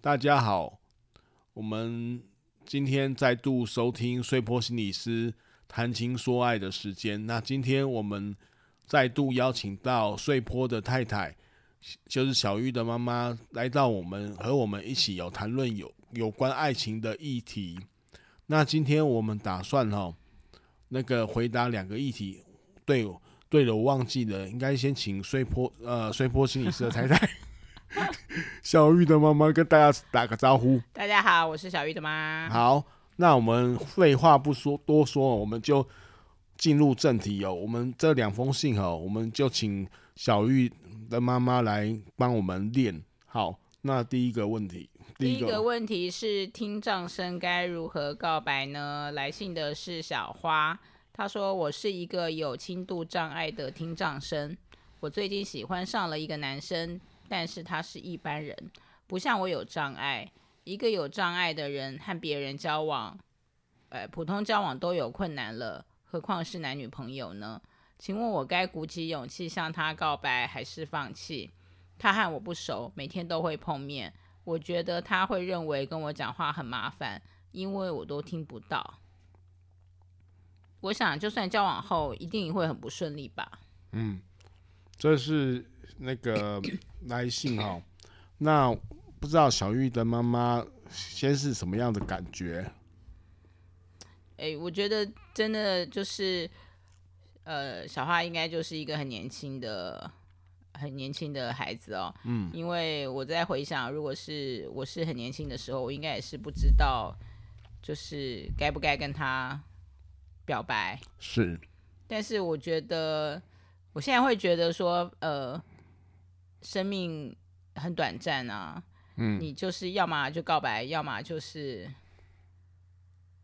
大家好，我們今天再度收聽穗波心理師談情說愛的時間。那今天我們再度邀請到穗波的太太，就是小玉的媽媽，來到我們和我們一起、喔、有談論有有關愛情的議題。那今天我們打算哈、喔，那個回答兩個議題。對，對了，我忘記了，應該先請穗波呃穗波心理師的太太。 小玉的媽媽跟大家打個招呼。大家好，我是小玉的媽。好，那我們廢話不說多說，我們就進入正題哦。我們這兩封信哦，我們就請小玉的媽媽來幫我們念。好，那第一個問題，第一個，第一個問題是聽障生該如何告白呢？來信的是小花，她說：“我是一個有輕度障礙的聽障生，我最近喜歡上了一個男生。”但是他是一般人，不像我有障礙。一個有障礙的人和別人交往，呃，普通交往都有困難了，何況是男女朋友呢？請問我該鼓起勇氣向他告白，還是放棄？他和我不熟，每天都會碰面，我覺得他會認為跟我講話很麻煩，因為我都聽不到。我想，就算交往後，一定會很不順利吧？嗯，這是。那個來信齁，那不知道小玉的媽媽先是什麼樣的感覺？哎、欸，我覺得真的就是，呃，小花應該就是一個很年輕的、很年輕的孩子哦、喔。嗯，因為我在回想，如果是我是很年輕的時候，我應該也是不知道，就是該不該跟她表白。是，但是我覺得我現在會覺得說，呃。生命很短暫啊，嗯，你就是要麼就告白，要麼就是，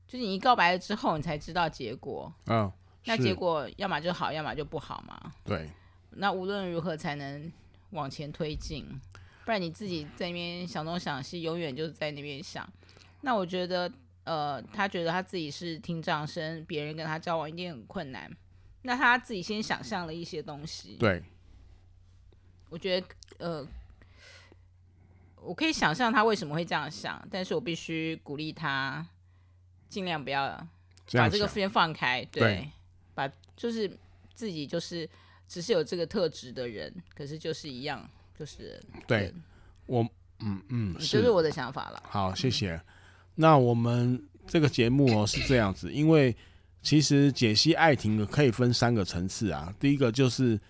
就是你一告白了之後，你才知道結果，嗯、哦，那結果要麼就好，是要麼就不好嘛，對，那無論如何才能往前推進，不然你自己在那邊想東想西，永遠就是在那邊想。那我覺得，呃，他覺得他自己是聽障生，別人跟他交往一定很困難，那他自己先想象了一些東西，對。我覺得，呃，我可以想象他為什麼會這樣想，但是我必須鼓勵他，盡量不要把這個先放開。對，對把就是自己就是只是有這個特質的人，可是就是一樣，就是對，對我嗯嗯，嗯嗯是就是我的想法了。好，謝謝。嗯、那我們這個節目哦、喔、是這樣子，因為其實解析愛情可以分三個層次啊，第一個就是。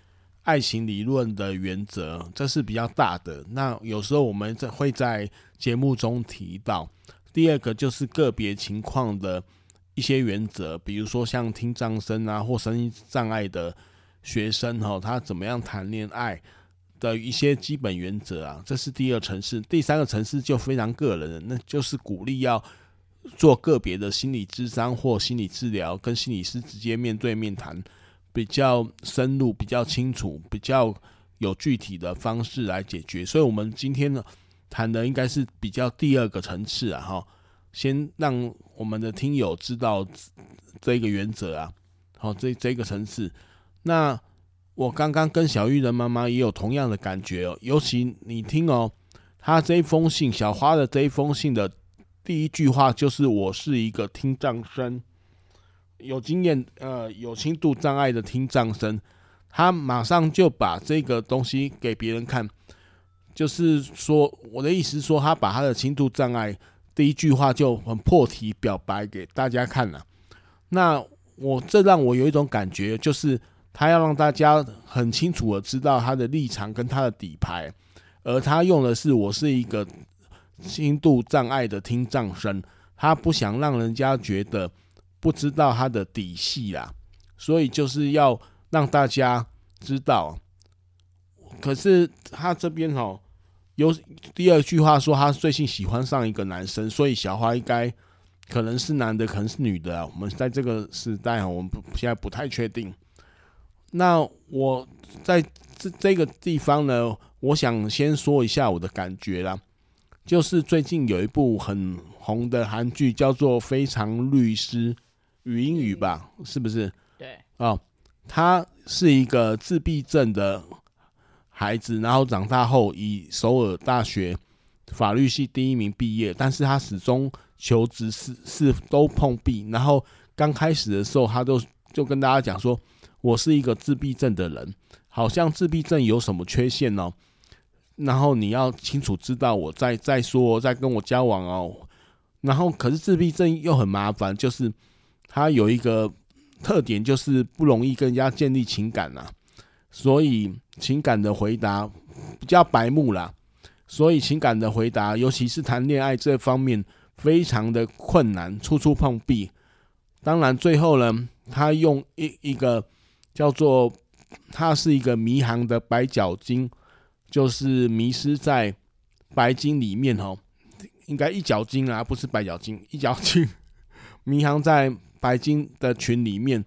愛情理論的原則，這是比較大的。那有時候我們在會在節目中提到，第二個就是個別情況的一些原則，比如說像聽障生啊或身心障礙的學生啊，哈，他怎麼樣談戀愛的一些基本原則啊，這是第二層次。第三個層次就非常個人，那就是鼓勵要做個別的心理諮商或心理治療，跟心理師直接面對面談。比較深入，比較清楚，比較有具體的方式來解決，所以我們今天呢談的應該是比較第二個層次啊，哈、哦，先讓我們的聽友知道這個原則啊，好、哦，這這個層次。那我剛剛跟小玉的媽媽也有同樣的感覺哦，尤其你聽哦，她這一封信，小花的這一封信的第一句話就是“我是一個聽障生”。有經驗，呃，有輕度障礙的聽障生，他馬上就把這個東西給別人看，就是說，我的意思說，他把他的輕度障礙第一句話就很破題表白給大家看了。那我這讓我有一種感覺，就是他要讓大家很清楚的知道他的立場跟他的底牌，而他用的是我是一個輕度障礙的聽障生，他不想讓人家覺得。不知道他的底細啦，所以就是要讓大家知道。可是他這邊吼，有第二句話說他最近喜歡上一個男生，所以小花應該可能是男的，可能是女的啊。我們在這個時代啊，我們現在不太確定。那我在這這個地方呢，我想先說一下我的感覺啦，就是最近有一部很紅的韓劇叫做《非常律師》。語音語吧，是不是？對哦，他是一個自閉症的孩子，然後長大後以首爾大學法律系第一名畢業，但是他始終求職是是都碰壁。然後剛開始的時候他都，他就就跟大家講說：“我是一個自閉症的人，好像自閉症有什麼缺陷哦。”然後你要清楚知道我在在說，在跟我交往哦。然後可是自閉症又很麻煩，就是。他有一個特點，就是不容易跟人家建立情感吶、啊，所以情感的回答比較白目啦。所以情感的回答，尤其是談戀愛這方面，非常的困難，處處碰壁。當然，最後呢，他用一一個叫做他是一個迷航的白角鯨，就是迷失在白鯨裡面哦，應該一角鯨啊，不是白角鯨，一角鯨 迷航在。白金的群裡面，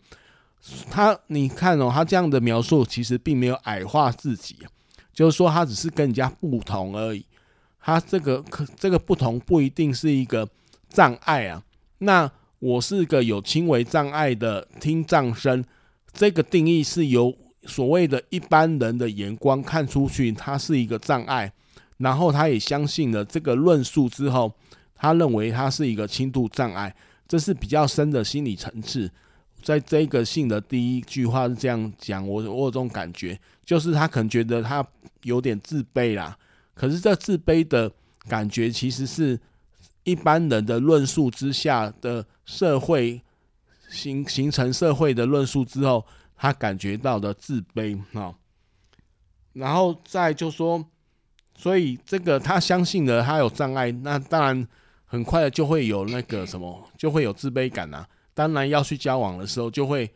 他你看哦，他這樣的描述其實並沒有矮化自己，就是說他只是跟人家不同而已。他這個可這個不同不一定是一個障礙啊。那我是個有輕微障礙的聽障生，這個定義是由所謂的一般人的眼光看出去，他是一個障礙。然後他也相信了這個論述之後，他認為他是一個輕度障礙。這是比較深的心理層次，在這個信的第一句話是這樣講，我我有這種感覺，就是他可能覺得他有點自卑啦。可是這自卑的感覺，其實是一般人的論述之下的社會形形成社會的論述之後，他感覺到的自卑啊。然後再就說，所以這個他相信了他有障礙，那當然。很快的就會有那個什麼，就會有自卑感啊。當然要去交往的時候，就會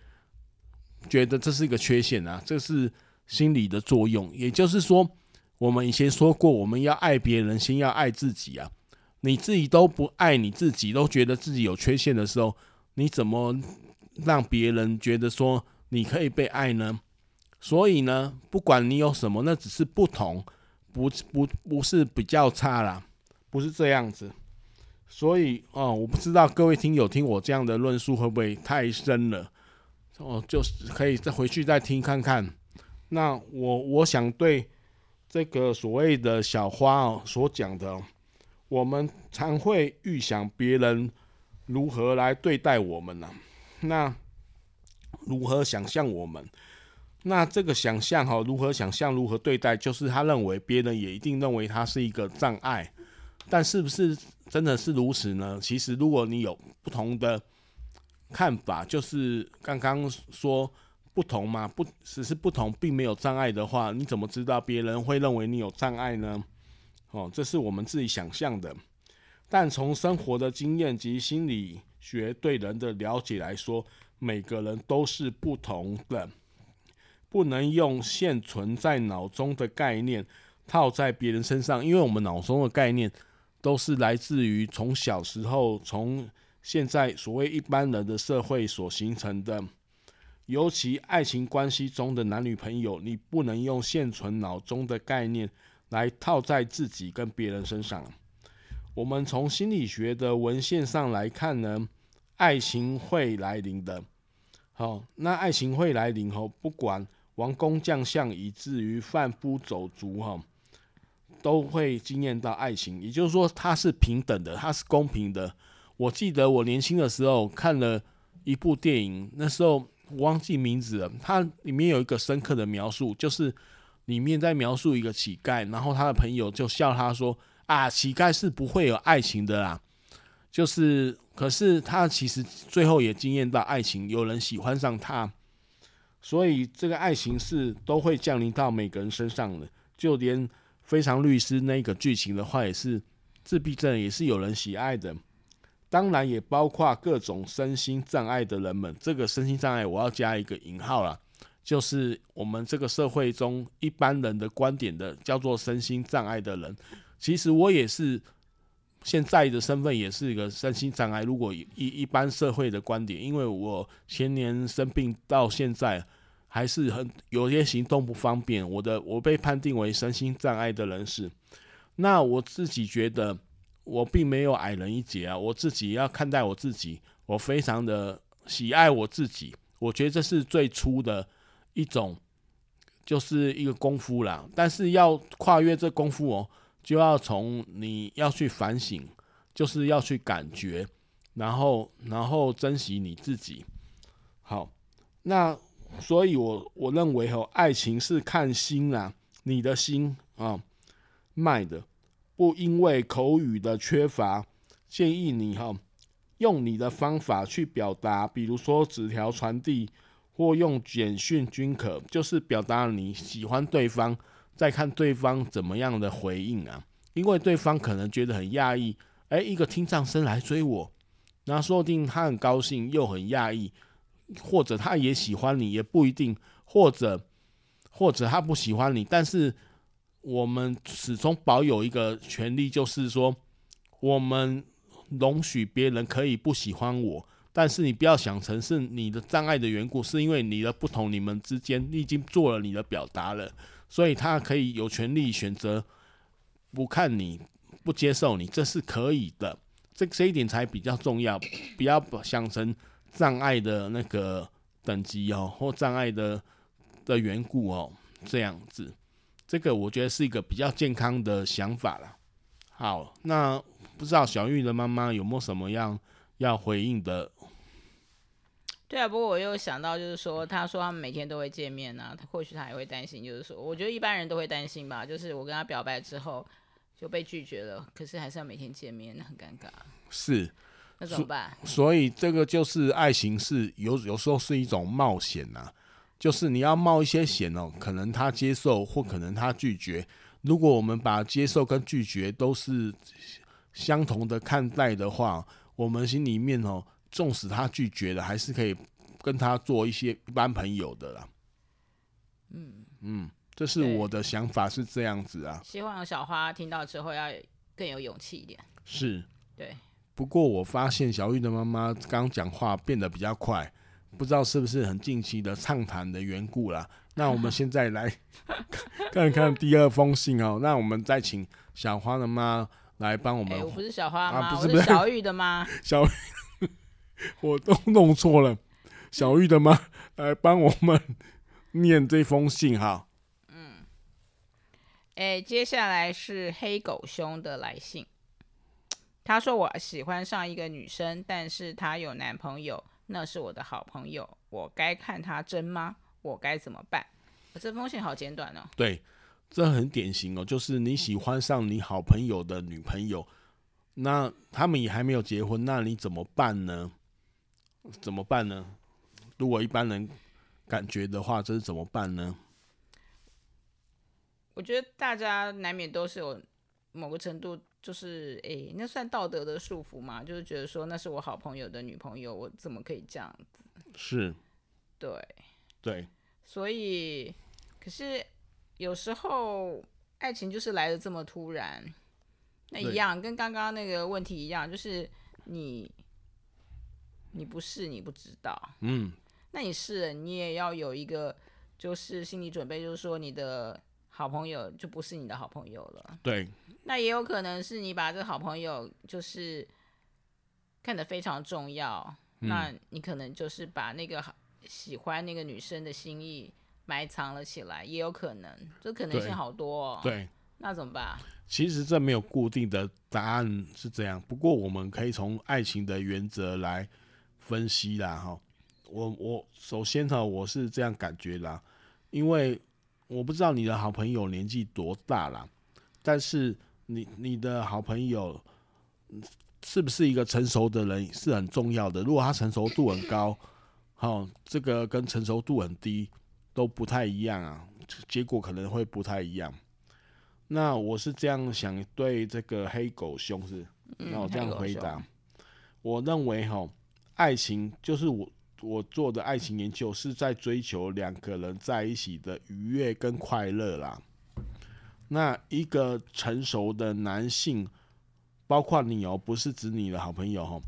覺得這是一個缺陷啊。這是心理的作用，也就是說，我們以前說過，我們要愛別人，先要愛自己啊。你自己都不愛你自己，都覺得自己有缺陷的時候，你怎麼讓別人覺得說你可以被愛呢？所以呢，不管你有什麼，那只是不同，不不不是比較差啦，不是這樣子。所以哦，我不知道各位聽友聽我這樣的論述會不會太深了？哦，就是可以再回去再聽看看。那我我想對這個所謂的小花哦，所講的，哦，我們常會預想別人如何來對待我們呢，啊？那如何想象我們？那這個想象哈，哦，如何想象，如何對待？就是他認為別人也一定認為他是一個障礙。但是不是真的是如此呢？其實，如果你有不同的看法，就是剛剛說不同嘛。不只是不同，並沒有障礙的話，你怎麼知道別人會認為你有障礙呢？哦，這是我們自己想象的。但從生活的經驗及心理學對人的了解來說，每個人都是不同的，不能用現存在腦中的概念套在別人身上，因為我們腦中的概念。都是來自於從小時候，從現在所謂一般人的社會所形成的，尤其愛情關係中的男女朋友，你不能用現存腦中的概念來套在自己跟別人身上。我們從心理學的文獻上來看呢，愛情會來臨的。好、哦，那愛情會來臨後，不管王公將相，以至於販夫走卒哈。都會經驗到愛情，也就是說，它是平等的，它是公平的。我記得我年輕的時候看了一部電影，那時候忘記名字了。它裡面有一個深刻的描述，就是裡面在描述一個乞丐，然後他的朋友就笑他說：“啊，乞丐是不會有愛情的啦”。就是，可是他其實最後也經驗到愛情，有人喜歡上他。所以，這個愛情是都會降臨到每個人身上的，就連。非常律師那個劇情的話，也是自閉症，也是有人喜愛的。當然，也包括各種身心障礙的人們。這個身心障礙，我要加一個引號啦，就是我們這個社會中一般人的觀點的，叫做身心障礙的人。其實我也是現在的身份，也是一個身心障礙。如果以一般社會的觀點，因為我前年生病到現在。還是很有些行動不方便。我的我被判定為身心障礙的人士，那我自己覺得我並沒有矮人一截啊。我自己要看待我自己，我非常的喜愛我自己。我覺得這是最初的一種，就是一個功夫啦。但是要跨越這功夫哦，就要從你要去反省，就是要去感覺，然後然後珍惜你自己。好，那。所以我，我我認為哈，愛情是看心啦，啊，你的心啊，賣的，不因為口語的缺乏，建議你哈，用你的方法去表達，比如說紙條傳遞或用簡訊均可，就是表達你喜歡對方，再看對方怎麼樣的回應啊，因為對方可能覺得很訝異，哎、欸，一個聽障生來追我，那說不定他很高興又很訝異。或者他也喜歡你，也不一定；或者，或者他不喜歡你，但是我們始終保有一個權利，就是說，我們容許別人可以不喜歡我，但是你不要想成是你的障礙的緣故，是因為你的不同，你們之間你已經做了你的表達了，所以他可以有權利選擇不看你、不接受你，這是可以的。這這一點才比較重要，不要想成。障礙的那個等級哦，或障礙的的緣故哦，這樣子，這個我覺得是一個比較健康的想法啦。好，那不知道小玉的媽媽有沒有什麼樣要回應的？對啊，不過我又想到，就是說，他說他們每天都會見面呢、啊，他或許他也會擔心，就是說，我覺得一般人都會擔心吧，就是我跟他表白之後就被拒絕了，可是還是要每天見面，很尷尬。是。所以這個就是愛情是，是有有時候是一種冒險啊，就是你要冒一些險哦。可能他接受，或可能他拒絕。如果我們把接受跟拒絕都是相同的看待的話，我們心裡面哦，縱使他拒絕了，還是可以跟他做一些一般朋友的啦。嗯嗯，這是我的想法對是這樣子啊。希望小花聽到之後要更有勇氣一點。是，對。不過我發現小玉的媽媽剛講話變得比較快，不知道是不是很近期的暢談的緣故啦。那我們現在來 看看第二封信哦。那我們再請小花的媽來幫我們。欸，我不是小花的媽，啊，不是，我是小玉的媽。小玉， 我都弄錯了。小玉的媽來幫我們念這封信哈。嗯。哎，接下來是黑狗兄的來信。他說：“我喜歡上一個女生，但是她有男朋友，那是我的好朋友，我該看她真嗎？我該怎麼辦？”哦，這封信好簡短哦。對，這很典型哦，就是你喜歡上你好朋友的女朋友，嗯，那他們也還沒有結婚，那你怎麼辦呢？怎麼辦呢？如果一般人感覺的話，這是怎麼辦呢？我覺得大家難免都是有某個程度。就是誒，那算道德的束縛嗎？就是覺得說，那是我好朋友的女朋友，我怎麼可以這樣子？是，對，對，所以，可是有時候愛情就是來得這麼突然。那一樣對跟剛剛那個問題一樣，就是你，你不是你不知道，嗯，那你是你也要有一個，就是心理準備，就是說你的。好朋友就不是你的好朋友了。對，那也有可能是你把這個好朋友就是看得非常重要，嗯，那你可能就是把那個喜歡那個女生的心意埋藏了起來，也有可能，這可能性好多喔，對。對，那怎麼辦？其實這沒有固定的答案是這樣，不過我們可以從愛情的原則來分析啦，哈。我我首先呢，喔，我是這樣感覺啦，因為。我不知道你的好朋友年紀多大了，但是你你的好朋友是不是一個成熟的人是很重要的。如果他成熟度很高，好、哦，這個跟成熟度很低都不太一樣啊，結果可能會不太一樣。那我是這樣想，對這個黑狗兄是，那、嗯、我這樣回答。我認為哈，愛情就是我。我做的愛情研究是在追求兩個人在一起的愉悅跟快樂啦。那一個成熟的男性，包括你哦，不是指你的好朋友哦，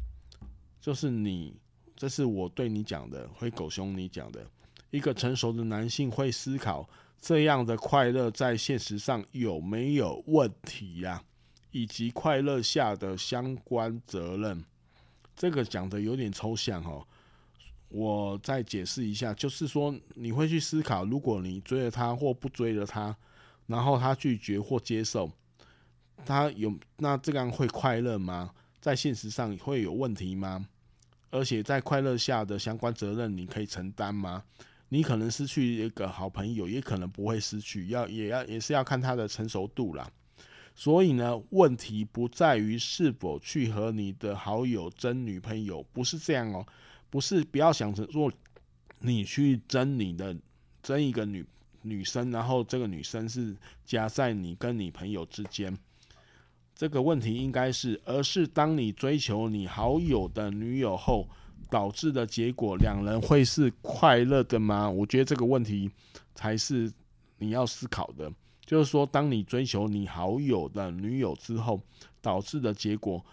就是你，這是我對你講的，灰狗熊。你講的。一個成熟的男性會思考這樣的快樂在現實上有沒有問題呀、啊，以及快樂下的相關責任。這個講的有點抽象哦。我再解釋一下，就是說你會去思考，如果你追了他或不追了他，然後他拒絕或接受，他有那這樣會快樂嗎？在現實上會有問題嗎？而且在快樂下的相關責任，你可以承擔嗎？你可能失去一個好朋友，也可能不會失去，要也要也是要看他的成熟度啦。所以呢，問題不在於是否去和你的好友爭女朋友，不是這樣哦。不是，不要想着說你去爭你的，爭一個女女生，然後這個女生是夾在你跟你朋友之間，這個問題應該是，而是當你追求你好友的女友後導致的結果，兩人會是快樂的嗎？我覺得這個問題才是你要思考的，就是說當你追求你好友的女友之後導致的結果。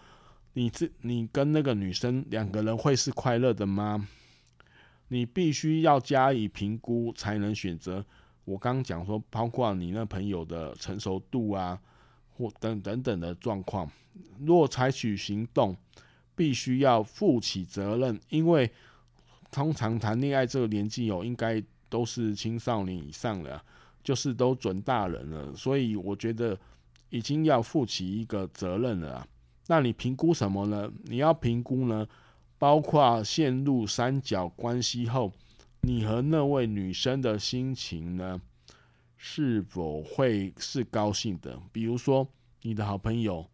你這，你跟那個女生兩個人會是快樂的嗎？你必須要加以評估才能選擇。我剛講說，包括你那朋友的成熟度啊，或等等等等的狀況。若採取行動，必須要負起責任，因為通常談戀愛這個年紀哦，應該都是青少年以上的啊，就是都準大人了。所以我覺得已經要負起一個責任了啊。那你評估什麼呢？你要評估呢，包括陷入三角關係後，你和那位女生的心情呢，是否會是高興的？比如說，你的好朋友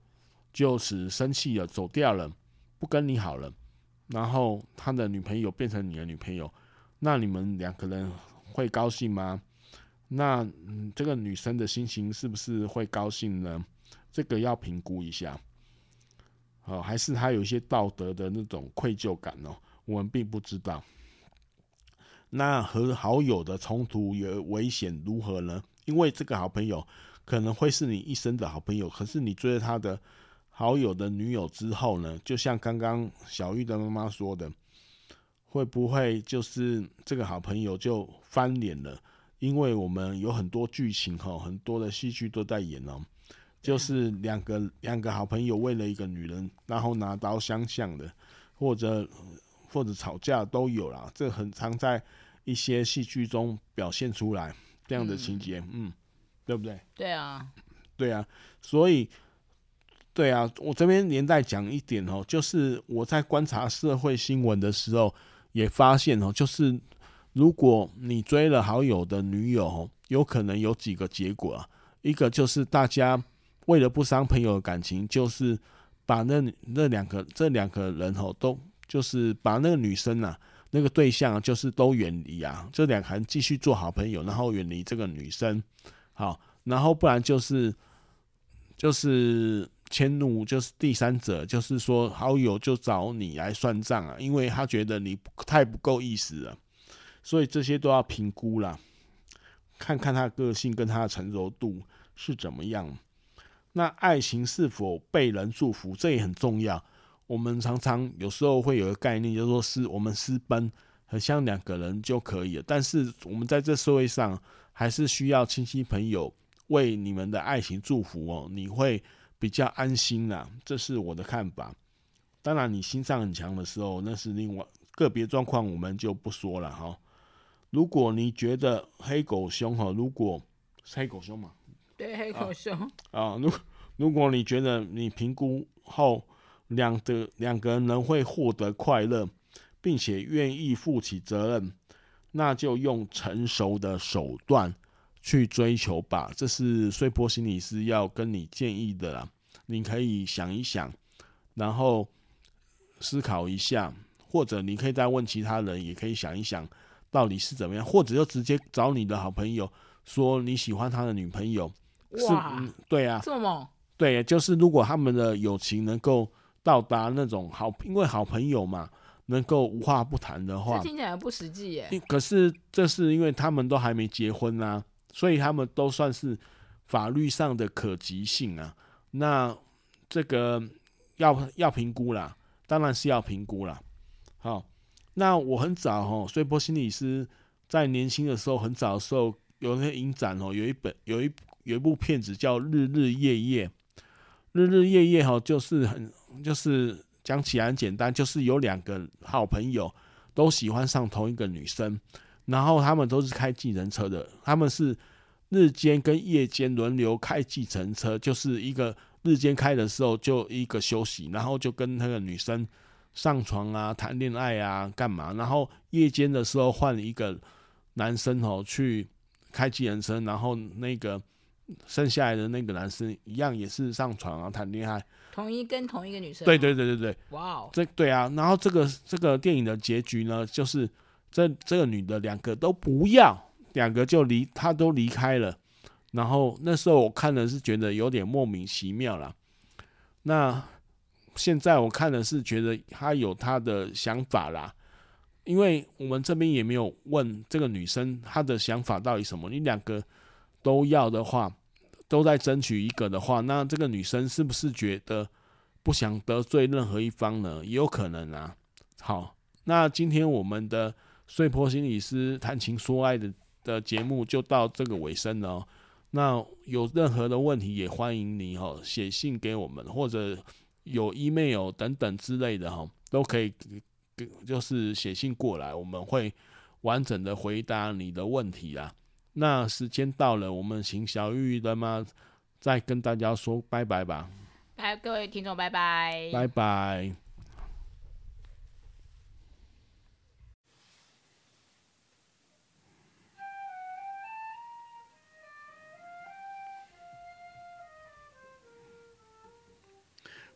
就此生氣了，走掉了，不跟你好了，然後他的女朋友變成你的女朋友，那你們兩個人會高興嗎？那嗯，這個女生的心情是不是會高興呢？這個要評估一下。哦，還是他有一些道德的那種愧疚感哦，我們並不知道。那和好友的衝突有危險如何呢？因為這個好朋友可能會是你一生的好朋友，可是你追了他的好友的女友之後呢，就像剛剛小玉的媽媽說的，會不會就是這個好朋友就翻臉了？因為我們有很多劇情哈哦，很多的戲劇都在演哦。就是兩個兩個好朋友為了一個女人，然後拿刀相向的，或者或者吵架都有啦。這很常在一些戲劇中表現出來這樣的情節，嗯，嗯，對不對？對啊，對啊，所以對啊，我這邊連帶講一點哦，就是我在觀察社會新聞的時候也發現哦，就是如果你追了好友的女友喔，有可能有幾個結果啊，一個就是大家。為了不傷朋友的感情，就是把那那兩個這兩個人吼，都，就是把那個女生啊，那個對象啊，就是都遠離啊，這兩個人繼續做好朋友，然後遠離這個女生。好，然後不然就是就是遷怒，就是第三者，就是說好友就找你來算賬啊，因為他覺得你不，太不夠意思了，所以這些都要評估啦，看看他的個性跟他的成熟度是怎麼樣。那愛情是否被人祝福，這也很重要。我們常常有時候會有個概念，就是、說私我們私奔，好像兩個人就可以了。但是我們在這社會上，還是需要親戚朋友為你們的愛情祝福哦，你會比較安心啦、啊。這是我的看法。當然，你心上很強的時候，那是另外個別狀況，我們就不說了哈、哦。如果你覺得黑狗兄哈、哦，如果是黑狗兄嘛。對，很搞笑。啊，如果如果你覺得你評估後，兩的兩個人會獲得快樂，並且願意負起責任，那就用成熟的手段去追求吧。這是穗波心理師要跟你建議的啦。你可以想一想，然後思考一下，或者你可以再問其他人，也可以想一想到底是怎麼樣，或者就直接找你的好朋友說你喜歡他的女朋友。哇是，嗯，對啊，對，就是如果他們的友情能夠到達那種好，因為好朋友嘛，能夠無話不談的話，不實際，可是這是因為他們都還沒結婚吶，啊，所以他們都算是法律上的可及性啊。那這個要要評估啦，當然是要評估啦。好，那我很早哦，穗波心理師在年輕的時候，很早的時候有那些影展哦，有一本有一。有一部片子叫《日日夜夜》，日日夜夜哈，就是很就是講起來很簡單，就是有兩個好朋友都喜歡上同一個女生，然後他們都是開計程車的，他們是日間跟夜間輪流開計程車，就是一個日間開的時候就一個休息，然後就跟那個女生上床啊、談戀愛啊、幹嘛，然後夜間的時候換一個男生哦去開計程車，然後那個。剩下來的那個男生一樣也是上床啊談戀愛，同一跟同一個女生啊。對對對對對，哇 Wow，這對啊。然後這個這個電影的結局呢，就是這這個女的兩個都不要，兩個就離，她都離開了。然後那時候我看的是覺得有點莫名其妙啦。那現在我看的是覺得她有她的想法啦，因為我們這邊也沒有問這個女生她的想法到底什麼，你兩個。都要的話，都在爭取一個的話，那這個女生是不是覺得不想得罪任何一方呢？也有可能啊。好，那今天我們的穗波心理師談情說愛的的節目就到這個尾聲了、喔。那有任何的問題，也歡迎你哈、喔、寫信給我們，或者有 email 等等之類的哈、喔，都可以給，就是寫信過來，我們會完整的回答你的問題啦。那時間到了，我們請小玉的媽再跟大家說拜拜吧。各位聽眾，拜拜，拜拜。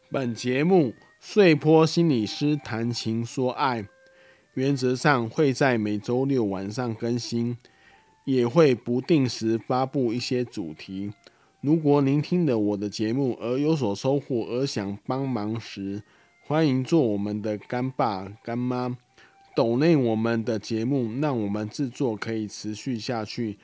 本節目《穗波心理師談情說愛》原則上會在每週六晚上更新。也會不定時發布一些主題。如果您聽了我的節目而有所收穫，而想幫忙時，歡迎做我們的乾爸乾媽，抖內我們的節目，讓我們制作可以持續下去。